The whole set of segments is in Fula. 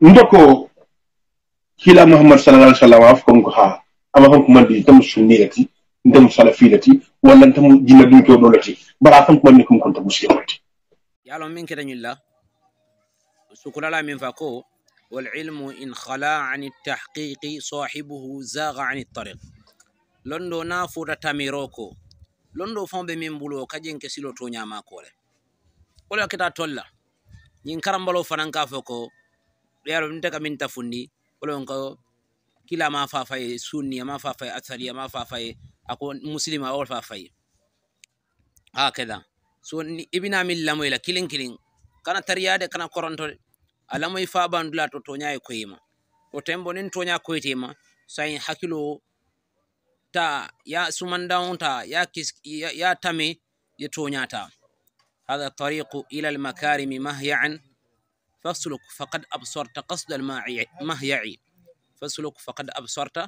ndoko ki la muhammad sallallahu alaihi wasallam afkon ko ha ama hanko mandi tam sunniyati ndem salafilati walla tam jinna dum to dolati bara hanko mandi kum konta muslimati yalo min keda nyilla sukulala min fako والعلم إن خلا عن التحقيق صاحبه زاغ عن الطريق لندو نافورة تاميروكو لندو فون بمين بلو كجين كسيلو تونيا ماكولي ولا كتا تولا نين كرمبلو فنان كافوكو ɓeyaro ɗum taka min tafundi olon ko kila ma fafaye sunni ama fafaye asari ama fafaye ako muslima ol fafaye ha keda so ibinamin lamoyla kilin kilin kana tariyade kana koronto a lamoy fa bandula to toñaye koyema to tembo nin toña koytema sayin hakkilo ta ya sumandaota ya, ya, ya tame ye toñata hada tariqu ila almakarimi mahyaan fasluk faqad absorta qasda almahya'i fasluk faqad absorta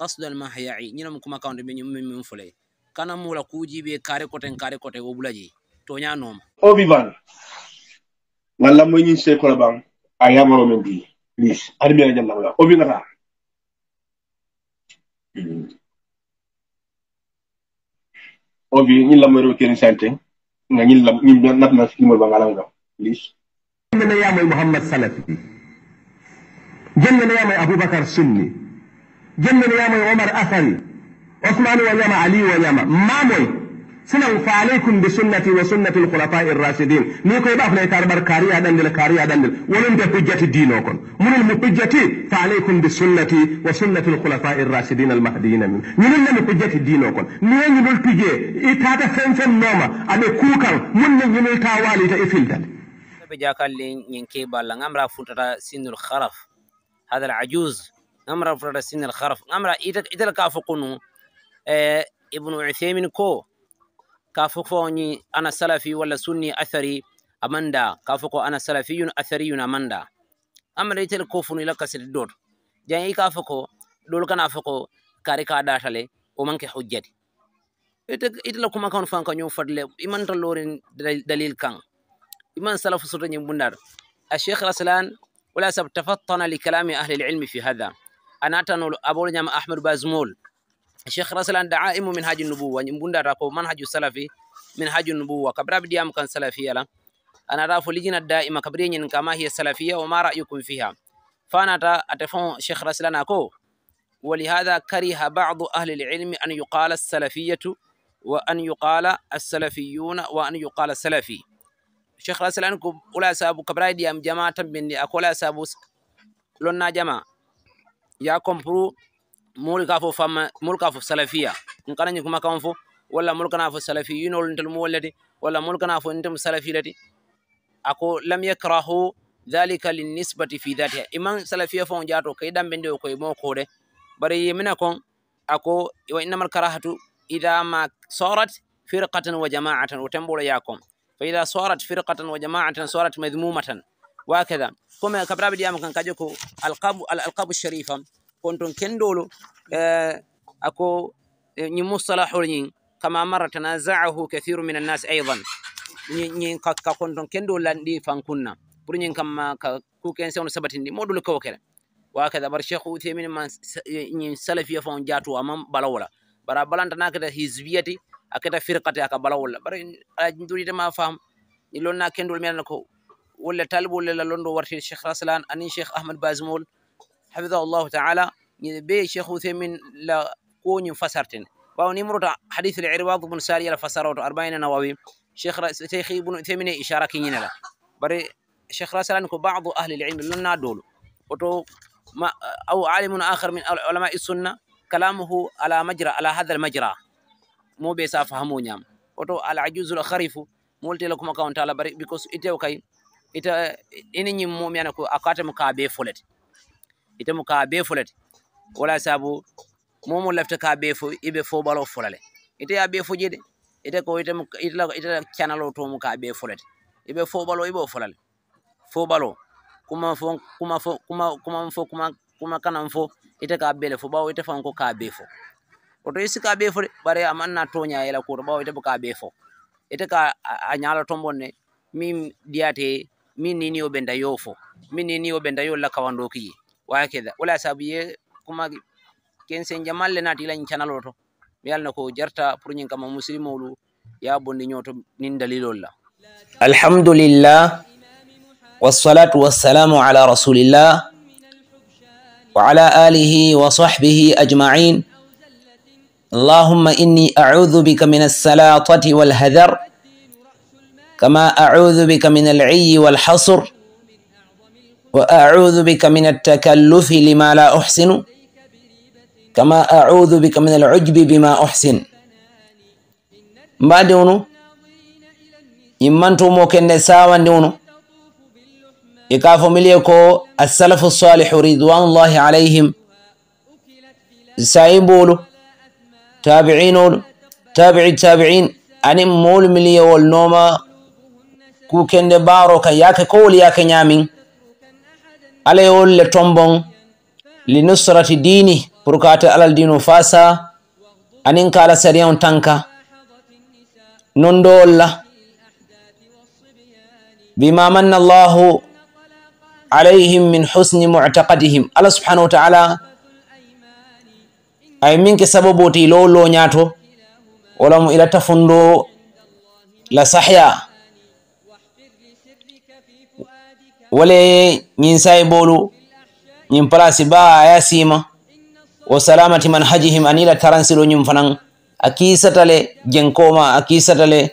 qasda almahya'i ñinam kuma kawde min min fulay kana mula kujibe kare koten kare koten wo bulaji to nya noma o biban walla mo ñin se kola bam a yamaro men bi lis armi ala jalla wala o bi ngata o bi ñin lamaro ken sante nga ñin lam ñin nat na skimo ba ngalam lis jënd na yaa mooy Mouhamad Salafi jënd na yaa mooy Aboubacar Sunni jënd na yaa mooy Omar Athari Ousmane wanyama Ali wanyama maa mooy sinan fa alaikum bi sunnati wa sunnati al-khulafa'i ar-rashidin ni koy ba fulay tarbar kariya dandil kariya dandil wonin da hujjati dino kon munul mu hujjati fa alaikum bi sunnati wa sunnati al-khulafa'i ar-rashidin al-mahdiyyin min munul mu hujjati dino kon ni ni dul tuje ita ta fen fen noma abe kukan mun ne ni ta wali ta ifildal بجاكال ينكي بالا نمرا فوتتا سن الخرف هذا العجوز نمرا فوتتا سن الخرف نمرا إذا كافقنو آه، ابن عثيمين كو كافقوني أنا سلفي ولا سني أثري أماندا كافقو أنا سلفي أثري أماندا أمرا إذا كوفن إلى كسر الدور جاي كافقو دول كان أفقو كاريكا داتالي ومنك حجتي إذا لكم كان فانكا يوم فضل إمان تلورين دليل كان إيمان سلف سرني منار الشيخ رسلان ولا سب تفطن لكلام أهل العلم في هذا أنا أتنو أبو نعم أحمد بازمول الشيخ رسلان دعائم من هاج النبوة بندار راكو هاج السلفي من هاج النبوة كبر بديام كان سلفية لا أنا رأف لجنة دائمة كبرين كما هي السلفية وما رأيكم فيها فأنا أتفهم الشيخ رسلان أكو ولهذا كره بعض أهل العلم أن يقال السلفية وأن يقال السلفيون وأن يقال السلفي cheikh rasalan ko wola saabu kabrai e ɗiyam jama tanɓenni ako wola saabu lonna jama ya compro muri ka fo famma mulka fo salafia on kanañi ko makkaon fo walla mulkana fo salafi yinol ntel mu wallati walla mulkana fo ntem salafi lati ako lam yakrahu dhalika linisbati fi datiha iman salafia fo jaato kay ɗamɓendi o koye mokode bara yimina kon ako wa innama lkarahatu ida ma sorat firqatan wa jamaatan o temɓoɗo ya kon فإذا صارت فرقة وجماعة صارت مذمومة وهكذا كما كبراب دي أمكن كاجوكو القاب الألقاب الشريفة كنتم كندولو أكو نمصطلح لين كما مر تنازعه كثير من الناس أيضا نين كنتم كندولا دي فانكنا برين كما كوكين سون سبتين دي مودول كوكرا وهكذا بر شيخ عثيمين من سلفية فون جاتو أمام بلا ولا برا بلانتنا كده هزبيتي aketa firqate aka balawol bari alaji nduride ma faam ni lonna kendol men ko walla talibol la londo warti cheikh raslan ani cheikh ahmed bazmol hafidahullahu taala ni be cheikh uthaymin la koñum fasarten ɓaw nimrota hadith al irwad bun sari ala fasaroto arbaina nawawi cheikh cheikh ibn uthaymin ishara kiñinala bari cheikh raslan ko badu ahli al ilm lonna dolo oto ما أو عالم آخر من علماء السنة كلامه على مجرى على هذا المجرى moɓe safa ha moñama oto al ajuse l harifu mo woltela kuma kawon tala bari because itew kay ita ene ñim momiana ko akatemo ka be folete itemo ka be folete wala sabu momo lefta ka be fo iɓe fo ɓalo folale ita ya be fojede ita ko ita canalo tomo ka be folete iɓe fo ɓalo iɓe o folale fo ɓalo kuma fo kuma fo kuma kuma fo kuma kuma kanam fo ita ka bele fo ɓawo ita fanko ka be fo koto e sika ɓee fo de bare am anna toña yela koto ɓawa itaɓo ka ɓee fo ete ka a ñaalo tombon ne min ɗiyate min nini o ɓenda yo fo min nini o ɓenda yo la kawando kiye waya keda wala saabu ye kuma ken sen jamalle naati ilañi canalo to mi yalna ko jarta pour ñin kama musilimolu ya bondi ñoto nin dalilol la alhamdulillah wassalatu wassalamu ala rasulillah wa ala alihi wa sahbihi ajmain اللهم إني أعوذ بك من السلاطة والهذر كما أعوذ بك من العي والحصر وأعوذ بك من التكلف لما لا أحسن كما أعوذ بك من العجب بما أحسن بعد ونو يمانتو موكن ساوان دونه يكافو مليكو السلف الصالح رضوان الله عليهم سايبولو taabiciinol taabici taabiciin anin mool miliyowol nooma kuukende baaro ka yaake kowol yaake ñaamin alayewol le tombon li nusrati diini pour ko ate alal diino faasa anin kaala sariyan tanka nondowol la bima manna allahu alayhim min husni mutaqadihim allah subhanahu wa taala ay minke saboboti lowo loñato walamo ilatta fondo la sahya wale ñin sayi bolu ñin place ba aya sima wa salamati man hajihim anila taransilo ñum fanan a kisatale jenkoma a kisatale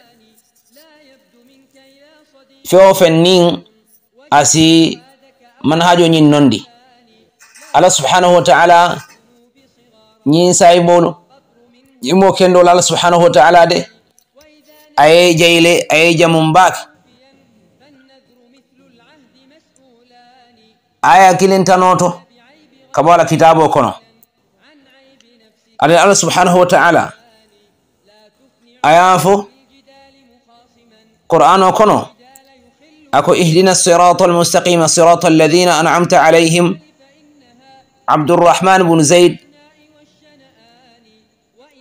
fewofen nin asi manhajo ñin nondi allah subhanahu wa taala ñiinsaayi moolu ñimmo kendol allah subhanahu wa taala de aye jayle aye jamum mbaake aya kilintanoto kabo ala kitabo kono aɗen allah subhanahu wa taala aya fo qur'an o kono أكو اهدنا الصراط المستقيم صراط الذين أنعمت عليهم عبد الرحمن بن زيد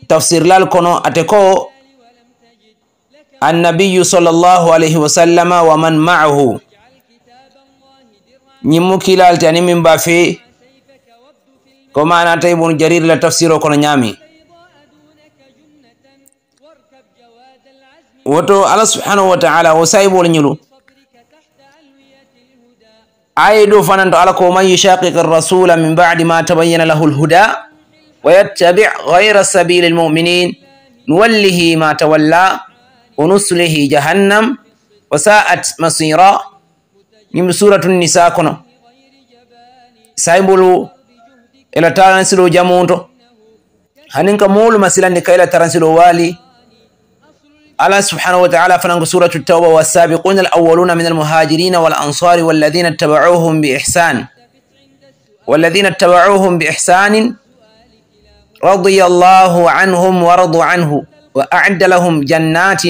tafsirlal kono ate ko annabiyu sall llahu alayhi wa sallama wa man maahu ñimmu kilalte ani min bafe ko mana ta ibnu jarir la tafsiro kono ñaami woto allah subhanahu wa taala wo sayibol ñulu ayi ɗo fananto ala ko man yushaqiqa rasula min badi ma tabayyana lahu lhuda ويتبع غير سبيل المؤمنين نوله ما تولى ونسله جهنم وساءت مصيرا من سورة النساء كنا سايبولو إلى ترانسلو جامونتو هننك مول مسلا نكا إلى ترانسلو والي على سبحانه وتعالى فننك سورة التوبة والسابقون الأولون من المهاجرين والأنصار والذين اتبعوهم بإحسان والذين اتبعوهم بإحسان رضي الله عنهم ورضوا عنه وأعد لهم جنات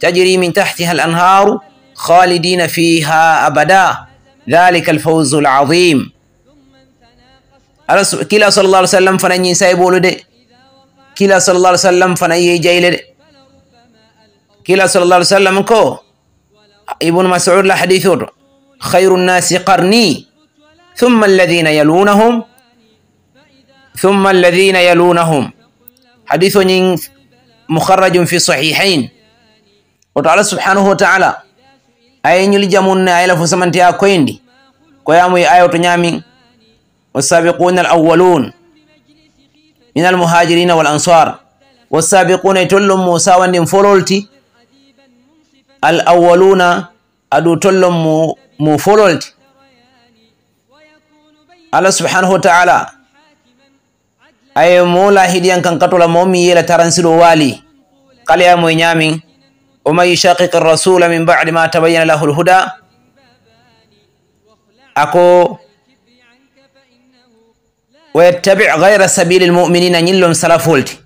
تجري من تحتها الأنهار خالدين فيها أبدا ذلك الفوز العظيم كلا صلى الله عليه وسلم فنن سيبول لدي كلا صلى الله عليه وسلم فنن جيل كلا صلى الله عليه وسلم كو ابن مسعود لحديث خير الناس قرني ثم الذين يلونهم thumma alladina yalunahum hadis o ñin mukharajum fi sahihain woto allah subhanahu wa taala aye ñuli jamunne ayla fo samanteya koyndi koyamuy aya oto ñamin wasabiquna al awalun min al muhajirina wal ansar wasabiquna e tollon mo sawandin fololti al awaluna aɗu tollon mo mo fololti allah subhanahu wa taala aye mola hiɗiyan kan katola mo mi yela taransiɗo wali kalayamo e ñamin o man yusakik rasula min badi ma tabayyana lahu lhuda ako wayattabi gayra sabili lmuminina ñillon salafolti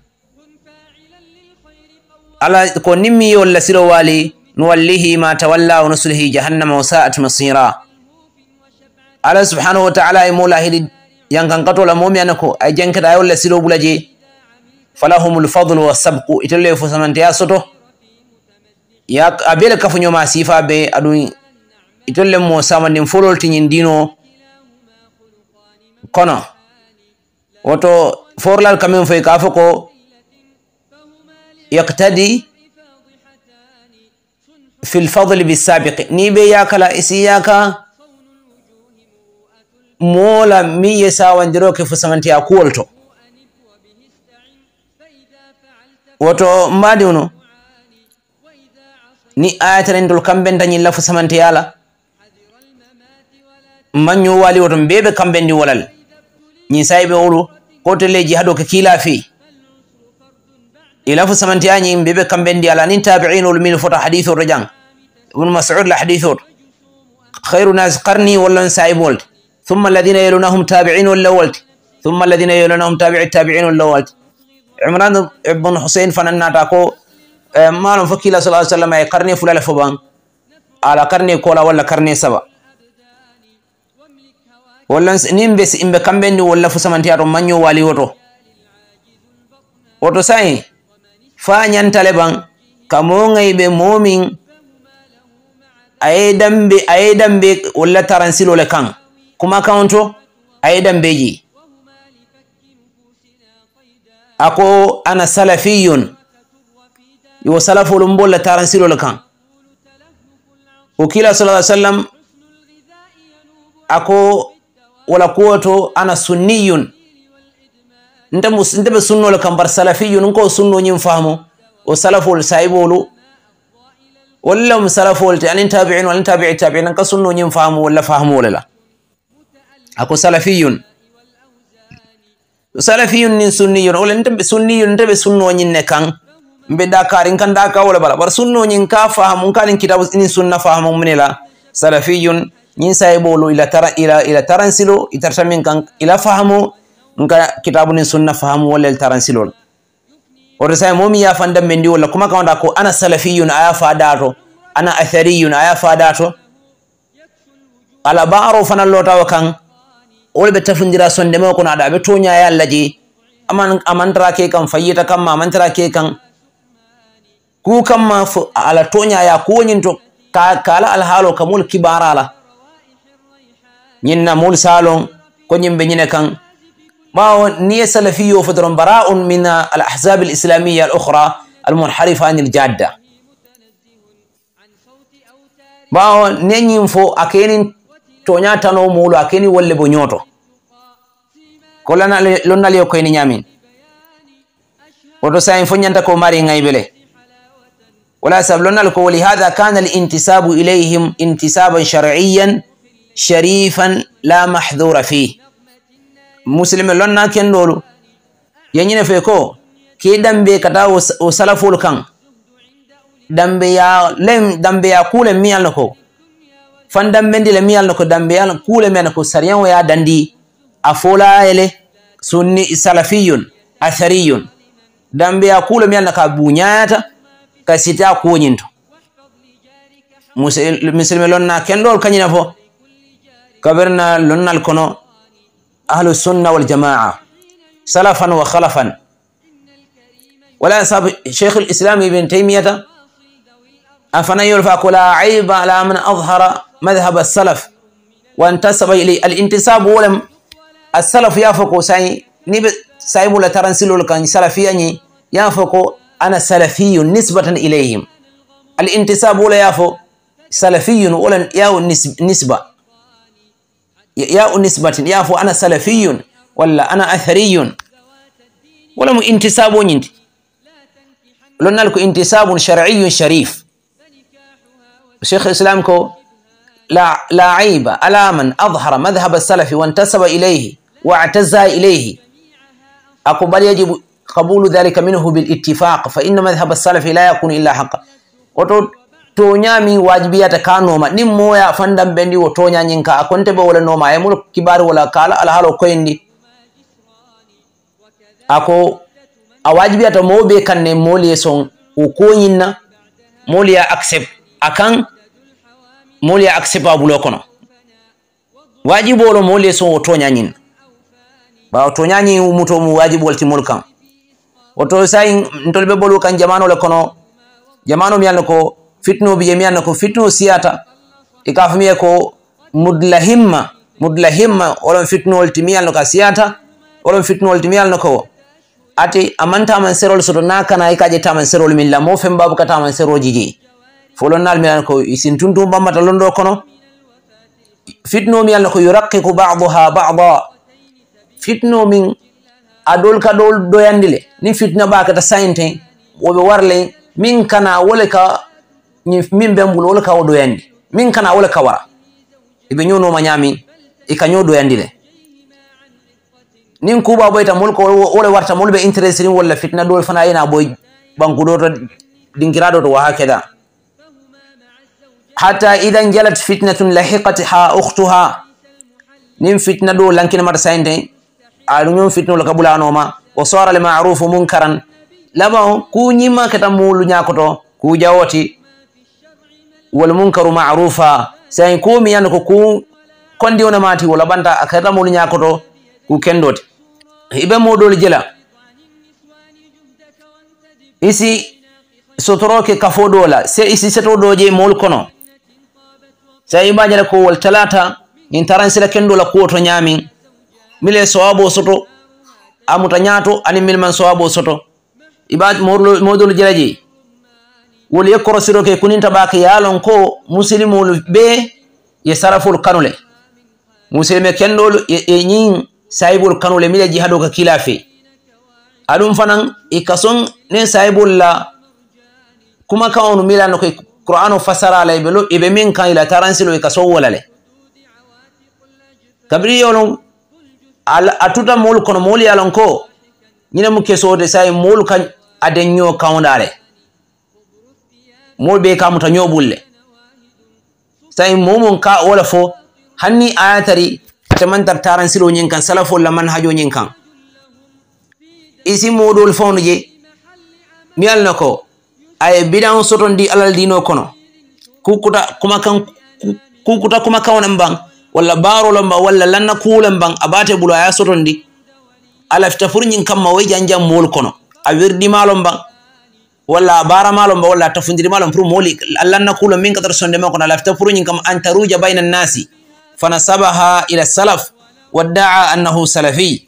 ala ko nimmi yolla siɗo wali nuwallihi ma tawalla o nuslihi jahannama o sa'at masira ala subhanahu wa taala e mola hiɗi yankankatola momi ana ko ay jankata yolle silo bula je falahum lfadle wa sabku itelle fo samanteya soto ya a bele kafuñoma sifa be aɗum itelle mo samanin folol tiñin dino kono woto forlal kamen foy ka fo ko yaktadi fi lfadle bisabiqi ni ɓe yakala isi yaka moola min ye sawandiroke fo sangantiya kuwol to woto mbadi uno ni ayatanendol kamɓe dañilla fo samantiyala mañño wali woto mbeɓe kamɓe ndi walal ñin sayiɓe wolo ko telleji haɗo ke kiila feyi ila fo samantiyañi mbeɓe kamɓe ndi ala nin tabiinol min foto hadiseoto jang ibnu masud l hadiseoto hayru nas karni wallan sayiɓolde ثم الذين يلونهم تابعين واللولت ثم الذين يلونهم تابع التابعين واللولت عمران بن حسين فننات كو مالم فكيلا صلى ا سلم قرني فلل فبان على قرني كولا ولا قرني سبا wallanimbe imbe kamɓenni walla fo samantiyato manño wali woto woto sai fa ñantale ban ka mogayɓe momin aye dambe aye dambe walla taransilole kan kuma kawonto a yiɗan be yi ako ana salafiyun iwo salafolu mbolla taransirol kan o kila sala ah sallam ako wala kuwo to ana sunniyun ntebe sunnol kan bar salafiyun nko sunno ñin famo o salafol sayibolu wallam salafol te anin tabiin walan tabii tabi nanka sunno ñin famo walla famolela hako salafiyun salafiyun nin sunniyun wole ntaɓe sunniyun ntaɓe sunnoñin ne kan mbe dakarin kan daka wole bala bar sunnoñin ka fahamu kanin kitabu nin sunna fahamu munela salafiyun ñin sayiɓolu ila tara ila ila taransilo itarta min kan ila fahamu nka kitabu nin sunna fahamu wallel taransilol wote sa momi yafandan ɓe ndi walla kuma kawda ko ana salafiyun aya fa dato ana athariyun aya fa dato alabaro fanan lotawa kan wole ɓe tafidira sonde ma kono aɗa aɓe toñaye allah je aman amantara ke kam fayita kam ma amantara ke kam ku kam ma fo ala toñaya ko woñin to ka kala alhaalo ka mol kibarala ñinna mol salon ko ñimɓe ñine kan ɓawo niye salafiyo fodoron bara un min al ahzabe l islamia al ohra almunharifanil jadda ɓawo neñin fo akenin toña tanowo muwolu a keni wolle bo ñooto ko lonnali yo koyni ñamin woto sahin fo ñanta ko mari ngaybele wala sabu lonnal ko woli hada kana l intisabu ilayhim intisaban shariyan sharifan la mahdura fi muslime lonna kendolu yeñine fe ko ke dambe kata o salafolu kan dambe ya lem dambe ya kulen miyalno ko fandambendi le miyal ko dambe yal kule men ko sariyan wa dandi afola ele sunni salafiyun athariyun dambe ya kule miyal ka bunyata ka sita kunyinto musilme lonna kendol kanyina fo kaberna lonnal kono ahlu sunna wal jamaa salafan wa khalafan ولا يصاب شيخ الإسلام ابن تيمية أفنيل فأقول لا عيب على من أظهر مذهب السلف وانتسب إلي الانتساب ولم السلف يافقو ساي نيب ساي مولا ترنسلو لكان سلفياني يافقو أنا سلفي نسبة إليهم الانتساب ولا يافو سلفي ولا ياو نسبة ياو نسبة يافو أنا سلفي ولا أنا أثري ولا انتساب نينتي لنا لكو انتساب شرعي شريف شيخ الإسلام كو la ayba ala man adhara madhaba salafi wantasaba ilayhi waatazza ilayhi ako bal yajibu qabulu dhalika minhu bilittifaq fa inna madhaba salafi la yakunu illa haqa oto toñami wajibiyata ka nooma ɗin moya fandan ɓe ndi wo toñañin ka a konte ɓe wala nooma e mulo kibari wala kala alahaalo koyen ndi ako a wajibiyata mowɓe kanne moliye son o koyinna moliya accept a kan mole accepta bulo kono wajibu lo mole so oto nyanyin ba oto nyanyi umuto mu wajibu ti moolu oto sai ntolbe bolu kan jamano le kono jamano mi ye ko fitinoo bi mi miŋ ye ko fitinoo siyaata i ko mudlahimma mudlahimma mudula fitno wo loŋ fitinowolu ti miŋ ye ko a siyaata wo loŋ fitinowolu ti miŋ ye ko ate a maŋ taamaŋ serolu soto niŋ a kana i ka la mo feŋ baabu ka taamaŋ seroo jijee fulonnaalmi an ko sin tuntum bammata londo kono fitnomi allah ko yurakqiku baduha bada fitnomin adol ka ɗol doyandi le ni fitna ɓakata sainte woɓe warle min kana wole ka min bembul wole ka o doyandi min kana wole ka wara eɓe ñonoma ñami e kaño doyandi le nin kuuba boyta molko wole warta molɓe interesserin walla fitna ɗol fana ena boy banku ɗo to ɗinkiraɗo to waha keda hatta idan jalat fitnatun lahiqat ha uktuha nin fitna ɗo lankinamata sainde aɗuñon fitnolo ka ɓulanoma o sora le marufu munkaran laban ku ñimma keta mulu ñakoto ku jawoti wal munkaru marufa sain ku miyanda ko ku kondiwonamati wo labanta akata mulu ñakoto ku kendoti iɓe moɗoli jela isi sotoroke kafo ɗola se isi seto ɗoje mol kono so yi mbañere kowol talata min taran sila kendola kuwoto ñamin mile sowabo soto amuta ñaato anin min man sowabo soto imawdolu jiraji wol yekkoro siroke kunintaɓaka yalon ko musilimolu ɓe ye saraful kanule musilime kendolu e ñin sahibol kanule mile jihaɗo ka kila fe aɗum fanan e kason nin sahibol la kuma kawonu milanokoy qur'an o fasara alay ɓe lo eɓe min kan ila taransino e ka sowolale kabiri yolon a tuta molu kono molu yalon ko ñine mu kesode sa molu kan aden ño kawdale molu ɓe kamuta ñoɓulle sai momum ka wola fo hanni ayatari atamantar taransiro ñin kan salafol la man hajo ñin kan isi moɗol fondu je mi alna ko aye bidan soton di alal dino kono kukuta kuma kan kukuta kuma kan wannan ban walla baro lamba walla lanna kulan ban abate bulu aya soton di ala fita furnyin kan ma wai janjan mol kono a wirdi malon ban walla bara malon ba walla tafundiri malon pur moli lanna kulan min kadar sonde ma kono ala fita furnyin kan an taruja bainan nasi fanasabaha ila salaf wadda'a annahu salafi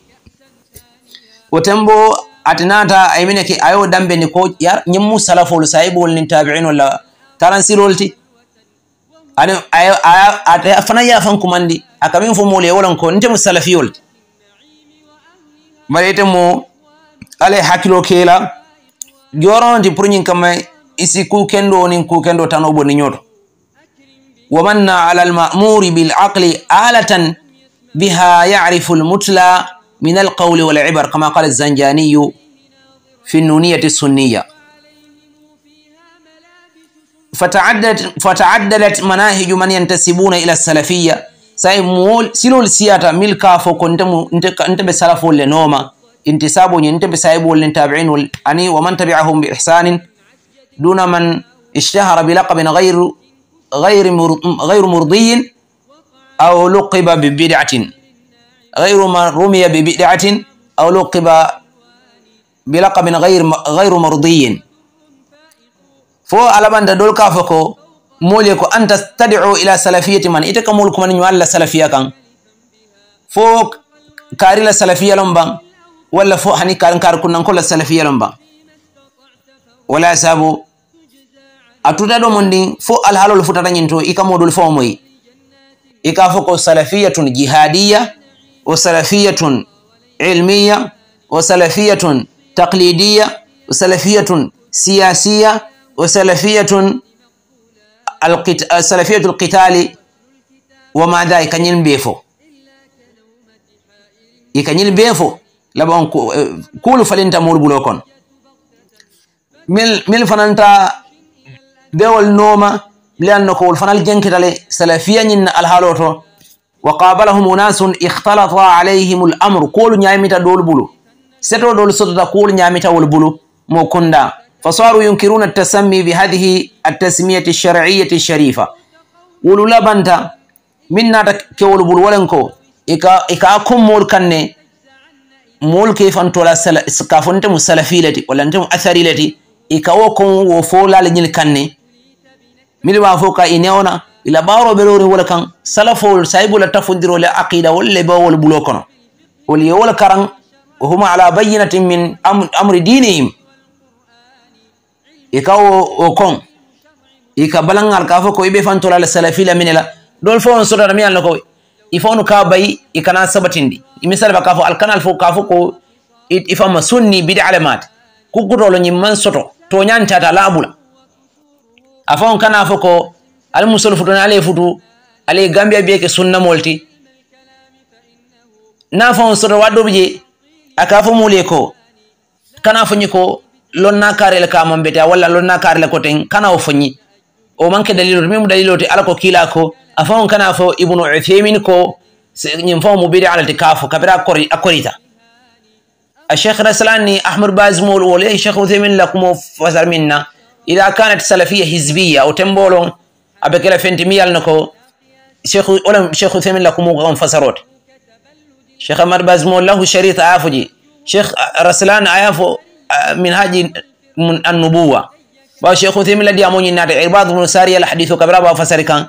watan bo ati nata aymine ke ayo dambe ni ko yar ñimmu salafol sahibol nin tabiinolla taransirolti ani fana yafan kumandi akamin fo mool yewolanko ntemo salafiyolti bari itemo ala hakkilo kela joronti pour ñin kamma isi kukendo nin kukendo tan o boniñoto wamanna ala almamuri bilaqli alatan biha yarifu lmutla من القول والعبر كما قال الزنجاني في النونية السنية فتعدلت, فتعددت مناهج من ينتسبون إلى السلفية سأي مول سلو السياطة ملكا فوق انت بسلف لنوما انتساب انت بسايب والنتابعين والأني ومن تبعهم بإحسان دون من اشتهر بلقب غير غير غير مرضي أو لقب ببدعة gayru man rumiya bi bidatin aw luqiba bilaqabin gayru mardiyin fo alabanda dol ka fo ko mole ko an tastadiu ila salafiyati man ite ka mol kuma nyu alla salafiya kan fo karila salafiya lomban walla fo hani karin kar kunan kola salafiya lomban wala sabu atuda do mondin fo alhalol futata nyinto ika modul fo moyi ika fo ko salafiyatun jihadiyya wa salafiyatun ilmiya wa salafiyatun taqlidiya wa salafiyatun siyasiya wa salafiyatun salafiyatu lqitali wa madha i kañil mbe fo i kañil mbe fo labon kuulu e, falinta muul bulo kon mil mil fananta bewol nooma mbilan no kowol fanal jenkitale salafiya ñin na alhaalo to wa qabalahum unasun ikhtalata alayhim l amre koolu ñamita ɗol bulu seto ɗol sotota koolu ñamitawol bulu mo kunda fa saru yunkiruna ltasammi bi hadihi altasmiyati lshariyati lsharifa wolu labanta min nata kewol bulu walen ko ika kummol kanne mol ke fantola ka fonitemu salafilati wallantemu athari lati ikawo kon wo fo lala ñil kanne mili ma fof ka i newna ila ɓaaro ɓe rowri wola kan salafowol saybula tafodirol e aqida wolle bawol ɓulo kono wol yewol karan ohuma ala bayinatin min amri dinihim e ka o kon i ka balangal ka fof ko i ɓe fantolal salafila mine la ɗol fo on sodata mi alla koy i fawnu ka bayi i kana sabatindi misal ba ka fo alkanal fo ka fof ko i fama sunni bidalemate kukkutolo ñimman soto to ñancata laɓula a fawon kana fo ko ala musol futu na ala futu ala gambia biye ke sunna molti na fawon soto waddo biye a ka fo mule ko kana fo ko lon na kare le kamon bete wala lon na kare le koten kana fo ni o manke dalilo mi mu dalilo te ala ko kila ko a fawon kana fo ibnu uthaymin ko nyim fawon mu bidi ala te kafo kabira akori akorita a sheikh rasulani ahmad bazmul wala sheikh uthaymin lakumo fasar minna إذا كانت سلفية حزبية أو تنبولون أبكلا فنتميال نكو شيخ ولم شيخ ثمن لكم وقام فسروت شيخ أمر بازمو له شريط عافجي شيخ رسلان عافو من هاج من النبوة باو شيخ ثمن لدي أموني ناتي عرباض بن ساري الحديث كبرا باو فسر كان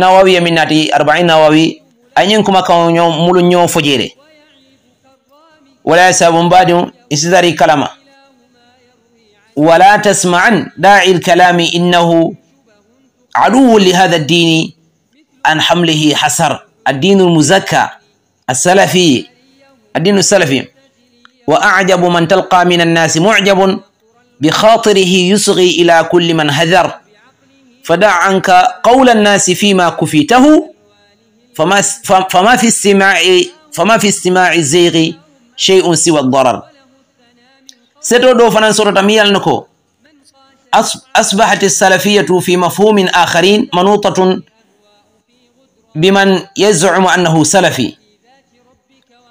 نواوي من ناتي أربعين نواوي أين كما كانوا مولو نيو فجيري ولا يسابون بعد إسداري كلامه ولا تسمعن داعي الكلام إنه عدو لهذا الدين عن حمله حسر الدين المزكى السلفي الدين السلفي وأعجب من تلقى من الناس معجب بخاطره يصغي إلى كل من هذر فدع عنك قول الناس فيما كفيته فما فما في استماع فما في استماع الزيغ شيء سوى الضرر seto ɗo fanan sorota miyalno ko asbahat salafiyatu fi mafhumin akharin manutatun biman yazumu annahu salafi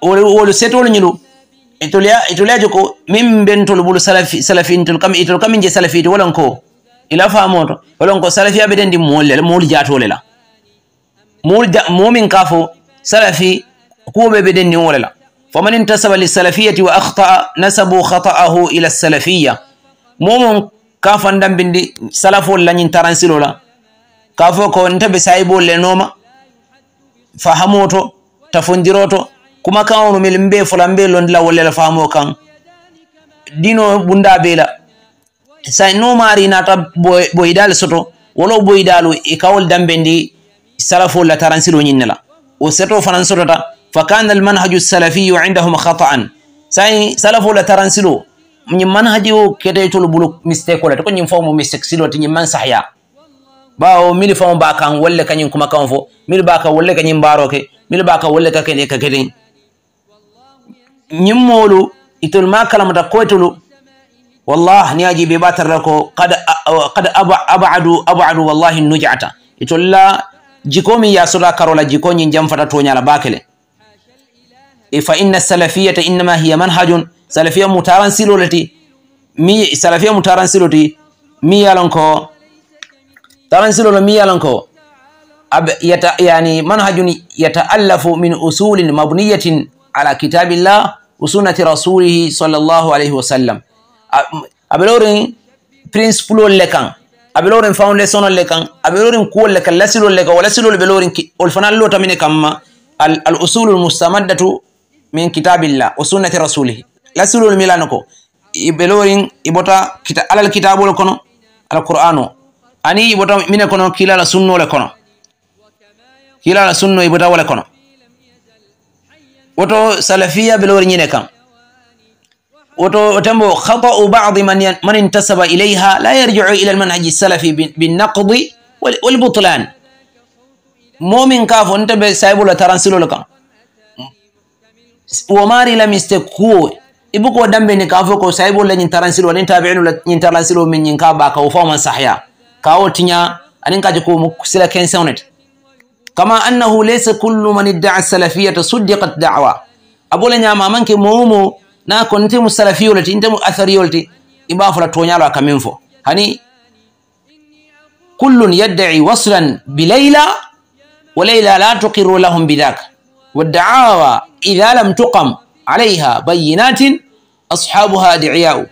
wolu setolu ñilu itoliyajo ko min bentol bulu salafi itol kamin je salafiti wolon ko ila famoto wolon ko salafiya ɓeden ndi molel mowolu jatole la momin kafo salafi kuɓe ɓeden ndin wolela faman intasaba lisalafiyati wa akhtaa nasabu khataahu ila salafiya momon kafandambindi salafol lañin taransilola kafo ko ntabe sayibol lenoma fahamoto tafondiroto kuma kawono mel mbe fulanmbe londila wollela fahamo kan dino bunda bela sa nomari nata boyidal soto wolo boyidalu e kawol dambe ndi salafol la taransilo ñinne la o seto fanan sotota fakana almanhaju salafiyu indahum khataan sai salafola taransilo ñim manhaji o keteytolo bulu mistekola te ko ñim fawmo mistek silo te ñim man sahya bawo mili fawo ba kan walle kañin kuma kan fo mili ba kan walle kañin mbaroke mili ba kan walle kakene kakeden ñimmolu itol ma kalamata koytolu wallah ni aji be batarra ko qad abadu abadu wallahi nujata itolla jikomin yasola karola jikoñin jamfata toñala bakele E fa inna salafiyata innama hiya manhajun salafiya mu taran siloleti mi salafiya mu taran siloti mi yalonko taran silolo mi yalonko yani manhajun yataallafu min usulin mabniyatin ala kitabillah wasunati rasulihi sall llah alayhi wasallam abelorin principlolle kan abelorin foundationolle kan abelorin kuwolle kan lasilolle kan walasilol belorin olfanallotamine kamma al usulu lmustamaddatu min kitabillah o sunnati rasulihi lasulol milano ko ɓe lorin iɓota alal kitabol kono alquran o ani iɓota mine kono kilala sunnole kono kilala sunno iɓotawole kono woto salafiya ɓe lori ñine kam woto otembo khatau badi man intasaba ilayha la yarjiu ila almanhaji salafi binnakdi walibutlan momin kafo ntaɓe saybola taransilol kam womari la mistek huwo ibuko dambe ni kafo ko saibo la nyintaransilo wa nyintabi inu la nyintaransilo min nyinkaba ka ufa man sahya ka o tinya anin kaji ko sila kensa unet kama annahu lesa kullu man idda'a salafiyya ta suddiqat da'wa abula nyama manke momo na ko ntimu salafiyo lati ntimu athariyo lati iba fula tonyalo akaminfo hani kullun yadda'i waslan bilayla wa layla la tuqiru lahum bidhaka waddacaawa ida lam tuqam alayha bayinatin ashabuha diciyau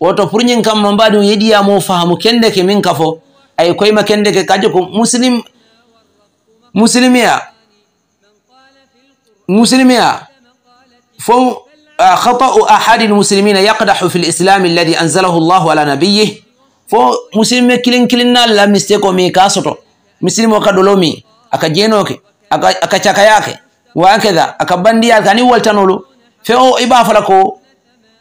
woto purñin kam ma mbaɗum yeɗiyamo fahamu kendeke min ka fo ay koyma kendeke kaje ko muslim muslimiya muslimiya fo khatau ahadi lmuslimina yaqdahu fi lislami alladi anzalahu llahu ala nabiyih fo muslimme kilin kilinna la mistake o mi ka soto muslim o ka ɗolomi aka jenoke okay. aka cakayake wakeha aka bandiyake ani waltanolu fe o i bafala ko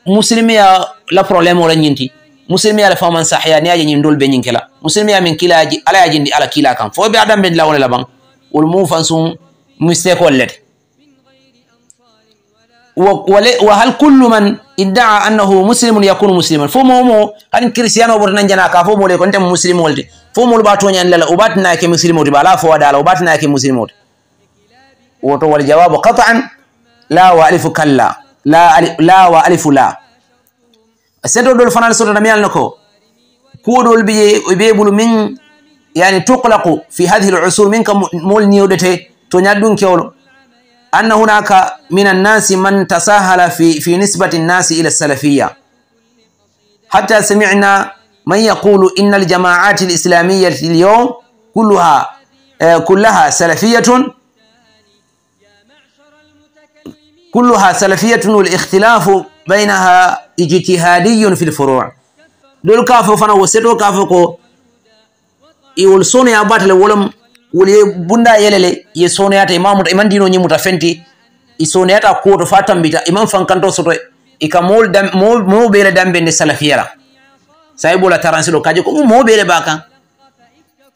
musilmiya la problème ola ñinti musilmiya la faman saxiya ni aja ñin dol be ñinkela musilmiya min kila ji ala yajindi ala kila kan fo be adambendi la wone laban wol mufan sun mistekol lete wa hal kullu man iddaa annahu muslimun yakunu musliman fo momo hani christiano boto nanjana ka fo mole ko ntem muslimolte fo molu ɓa toñani lala o ɓatinake muslimote ba ala fo wadala o ɓatinake muslimote woto wal jawabu qatan la wa alifu kalla la wa alifu la seddol ɗol fanal sotona mi alno ko kuuɗol ɓiye ɓeɓulu min yani tuqlaqu fi hadihi l usur min ka mol niwɗete to ñatɗum kewol anna hunaka min annasi man tasahala fi, fi nisbati nnasi ila salafiya hatta samina man yaqulu inna aljamaati alislamiyati lyum kulluha eh, kullaha salafiyatun eh, kulluha salafiyatun walikhtilafu bainaha ijtihadiyun fi lfuruu dolu ka fo fana wo seto ka fo ko iwol sonoya batale wolom wol ye bunda yelele ye sonoyata imamuta iman dino ñimuta fenti i sonoyata kuwoto fa tambita iman fankanto soto i ka mool moo ɓeele dambe nde salafiyara sai bola taransi ɗo kaje komo moo ɓeele ba kan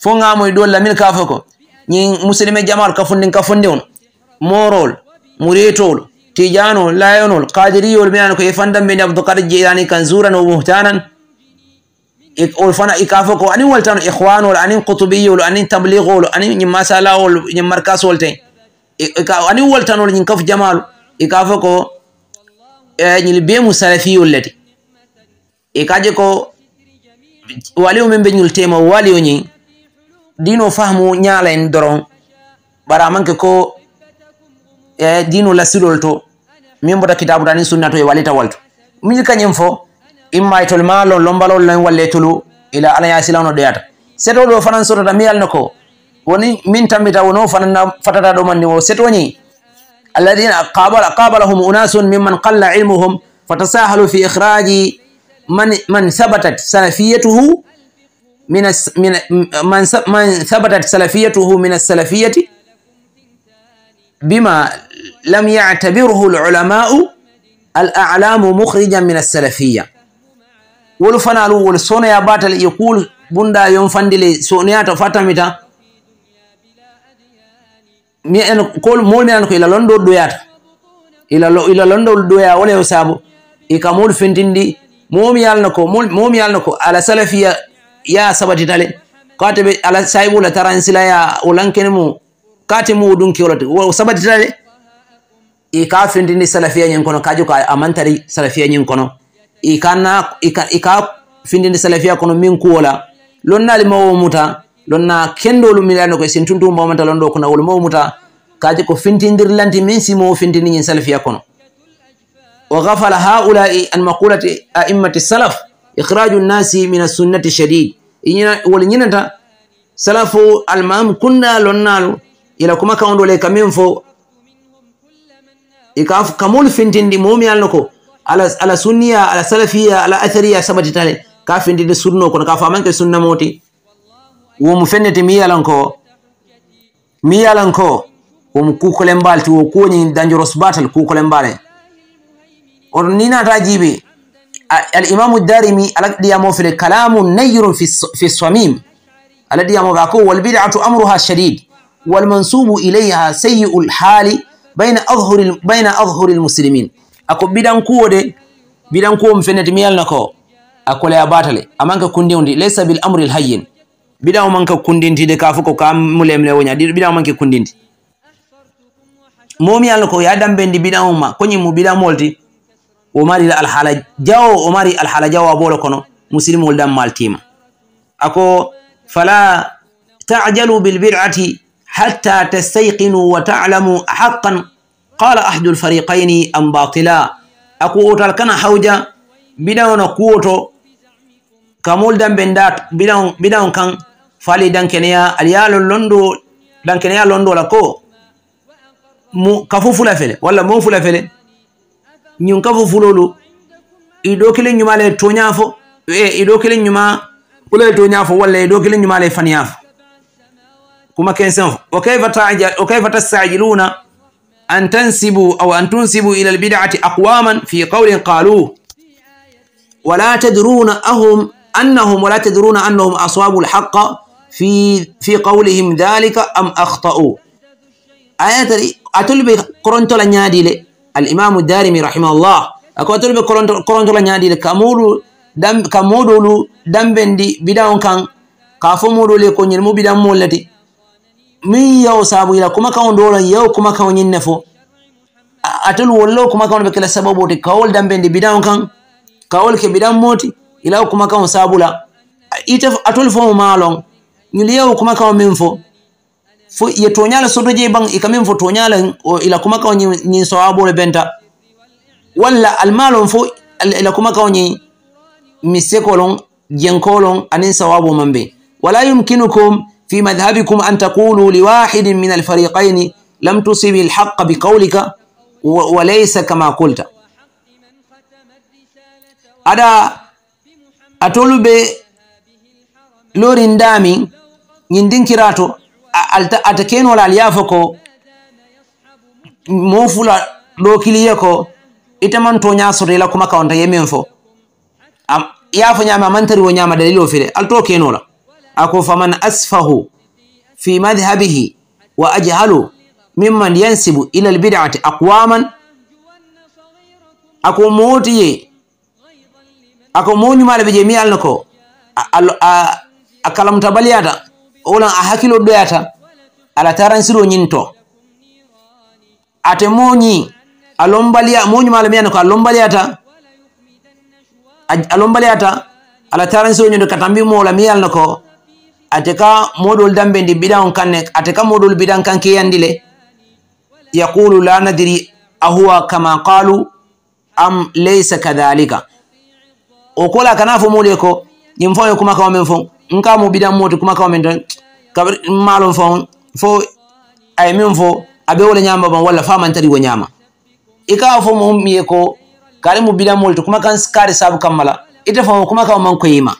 fo gamoy ɗo lamin ka fo ko ñin muslime jamal kafundin kafundi on morol muretol tijano layonol kadiriyol minan ko yefandan mede abdoukadi jeyani kan zurano muhtanan e ol fana ikafo e ko anin waltano ihwanol anin koutoubiyol anin tabliqol anin ñin masalawol ñin markasol ten e, anin waltanol ñin kafu jamalu ikafo ko ñil bemu salafiyol lete ikaje ko walio min be ñul tema walio ñin dino fahmu ñala en doron bara manke ko E dinu lasilol to min mbota kitabu tani sunna to e walita walto min kañum fo imma e tolma lon lombalol nan walle tolu ila alaya silano deyata seto do fanan soto da miyal nako woni min tambita wono fanan fatata do manni wo seto ni alladina qabala qabalahum unasun mimman qalla ilmuhum fatasahalu fi ikhraji man man sabatat salafiyatuhu min min man man sabatat salafiyatuhu min as-salafiyati bima lam yatabirhu lulamau al alamu mukrijan min asalafiya wolu fanalum wol sonoya batal e kuul bunda yonfandile soneyata fa tamita mien kol mol minan ko ila londo ɗoyata ila londo ɗoya wala yo saabo ika mol fentindi momi yalno ko momi yalno ko ala salafiya ya sabatitale kateɓe ala sayiwola taransila ya wolankene mo kate mo wodunkiwolat o sabatitale i ka findindi salafiyañin kono kaju ko a mantari salafiyañin kono i kana i ka findindi salafiya kono min kuwola lonnali mawo muta lonna kendolu milano koye sin tuntum bamanta lonɗo ko nawol mawo muta kaji ko fintidirlanti min simowo findindiñin salafiya kono wa gafala haulai an maqulati aimmati salaf ikraju nnasi min assunnati shadid wol ñinata salafo almam kunna lonnalu ila kuma kawndole ka min fo ika e kamolu findindi momiyalno ko ala ala sunniya ala salafiya ala athariya samaditale ka findindi sunno kono ka famanke sunna moti womo fenneti miyalanko miyalanko womo kukole mbalti wo koñi dangeros batal kukole mbale oto ni nata jiɓe al imamu darimi ala ɗiyamo fele kalamu nayrun fi samim ala ɗiyamo ɓe ako walbidatu amruha shadid walmansubu ilayha sayiu lhali baina adhuri baina adhhuril muslimin ako bidan kuode bidan kuwom mfenet miyal ko akole a batale amanka undi laysa bil amri lhayin biɗawo manka kundintide ka fo ko ka mulemle bidan biɗawo kundi ndi momi allah ko ya dambendi bidan ma koñi mu biɗamolti o mari alhaala jawo o mari alhaala jawo a bolo kono musilimol ako fala tajalu bilbidati hatta tastayqinu wa talamu haqqan qala ahadu lfariqaini am batila a kuwotal kana hawja biɗawono kuwoto kamol danɓe da biɗawon kan fali dankeneya alyalo londo dankeneya londola ko mu kafu fula fele walla mo fula fele ñun kafu fulolu i ɗo kilin ñumale toñafo e i ɗo kilin ñuma ulale toñafo walla i ɗo kilin ñumale faniyafo kuma kensenfo وكيف تستعجلون أن تنسبوا أو أن تنسبوا إلى البدعة أقواما في قول قالوه ولا تدرون أهم أنهم ولا تدرون أنهم أصابوا الحق في في قولهم ذلك أم أخطأوا آية أتلبي قرنت لنيادي الإمام الدارمي رحمه الله أكو أتلبي قرنت لنيادي كمولو دم كمودولو دم بندي بدون كان كافو مودولي كونير مو بدون مولتي min kuma sabuyila kumakaŋo doolan yaw kumakaŋo ñiŋ ne fo atelu wollo kumakaŋo be kela sababu ti kawol dambendi bidan kan kawol ke bidan moti ti ilawo kumakaŋo saabu la ite atolu fo maa loŋ ñulu yawo kumakaŋo miŋ fo fo ye toña la soto je baŋ i fo toña la ila kumakaŋo ñiŋ sawaboo le benta walla ali maa fo ila kuma ñiŋ miseko misekolon jenkolon anin aniŋ sawaboo be wala yumkinukum fi madhabikum an taqulu liwahidin min alfariqaini lam tusibi alhaqa biqawlika wa laysa kama qulta aɗa a toluɓe lorindami yindinkirato ata kenol al yafo ko mofula ɗokiliye ko itaman to ñasorelakkumaka onta yemen fo yafo ñama amantariwo ñama dalilo fire alto kenola ako faman asfahu fi madhhabihi wa ajhalu mimman yansibu ila albid'ati aqwaman ako mootiye ako moñumaɗo ɓe je miyalno ko a kalamta baliyata olan a hakkilo ɗoyata ala taransiro ñinto ate moñi a lombaliya moñumaɗo miyano ko a lombaliyata a lombaliyata ala taransiro ñinto katambi mola miyalno ko ate ka moɗol dambe ndi biɗan kanne ate ka moɗol biɗan kan keyandi le yaqulu la nadiri ahuwa kama qalu am laysa kadalika o kola kana fo muɗe ko ñin fon e kumakawa men fon nka mo ɓiɗan moti kumakawa men ton malon fon fo aye min fo aɓe wole ñama ban walla famantari wo ñama i kawa fo mo humɓiye ko kare mo ɓiɗan molti kumakan kare sabu kammala ite fon o kumakawa man koyima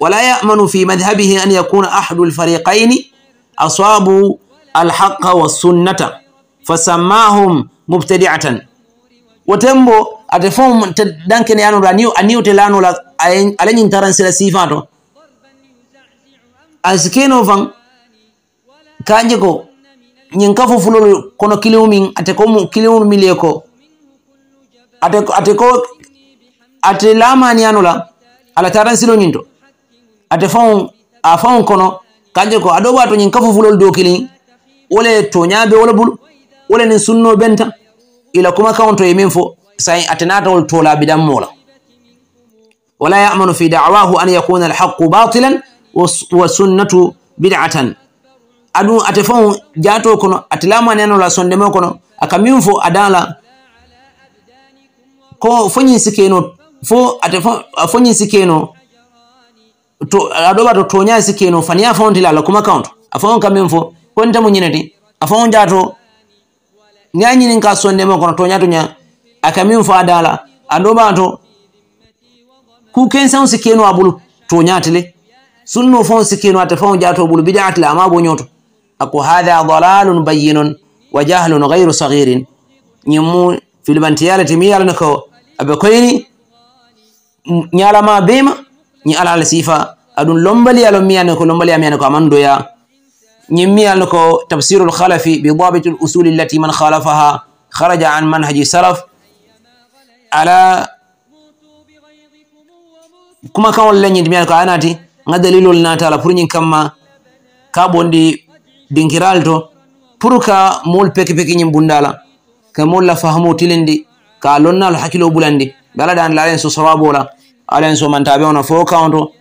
wala yamanu fi madhabihi an yakuna ahadu lfariqaini asabu alhaqa wassunnata fasammahum mubtadiatan wotembo ate fo dankene yanoɗo a niwte lanola aleñintaran sila sifa to askeno fan kanje ko ñin kafo fulol kono kiliw min ate ko kiliwol milie ko ate ko ate lamaniyanola ala taransilo ñin to a defan a fan kono kanjo ko aɗo wa toñin kafo fulol dow kilin wole toñaɓe wala bulu wole nin sunno benta ila kuma kan to e min fo sai atenatawol tolaɓi ɗan mola wala yamanu fi dawahu an yakuna alhaqu batilan wa sunnatu bidatan aɗum ate fan jato kono atelamanenola sondemo kono aka min fo adala ko foñin sikeno fo atefo foñin sikeno aɗoɓato toñai sikke no fani a fawontila allah comme account a fawon kamen fo konitamo ñinati a fawon jato ni a ñinin ka sondema kono toñatoña a kamin fo a dala aɗoɓato ku kensan sikke no a ɓolu toñatile sunno fawon sikke no ata fawon jato ɓolu bidatile ama boñoto ako hatha dalalun bayinon wa jahlun gayru sahirin ñimmu filbantiyalatimiyalano ko aɓe koyni ñalama bema ñin ala la sifa aɗum lombaliyalo miyani ko lombaliya miyani ko aman doya ñin miyalno ko tafsirul khalafi bi dabitul usuli lati man khalafaha haraja an manhaji salaf ala kuma kawol leñi miyani ko anati ga dalilol natala pour ñin kamma ka ɓondi dinkiral to pour ka mool peki peki ñin bundala ka mool la fahamo tilindi ka lonnalo hakkilo ɓulandi ɓe ala ɗa an laalen so sawabola alen tabe ono fo kawnto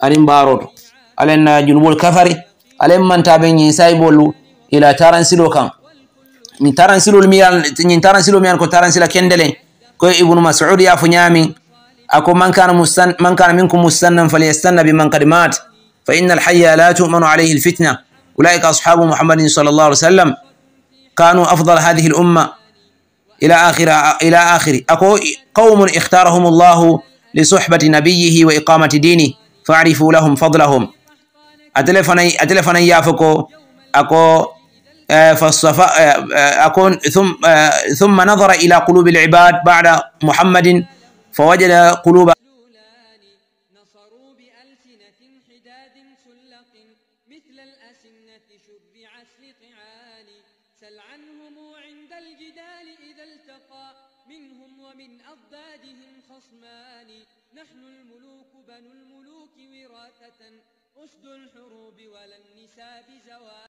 alen baroto alen na kafari alen mantaɓe ñin saybol ila taransilo kan ñin taransilol miñin taransilo miyan ko taransila kendele ko ibnu masud fu nyami ako man kana, mustan, man kana minkum mustannan falyastanna biman kad mat fa innal hayya la tumanu alayhi alfitna ulaika ashabu muhammadin sallallahu llah wasallam sallam kanu afdal hadihi al umma ila akhiri ila akhiri ako qaumun ikhtarahum llahu لصحبة نبيه وإقامة دينه فاعرفوا لهم فضلهم أتلفنا أتلفني أقو أكو آه، فالصفاء آه، آه، أكون ثم ثم نظر إلى قلوب العباد بعد محمد فوجد قلوب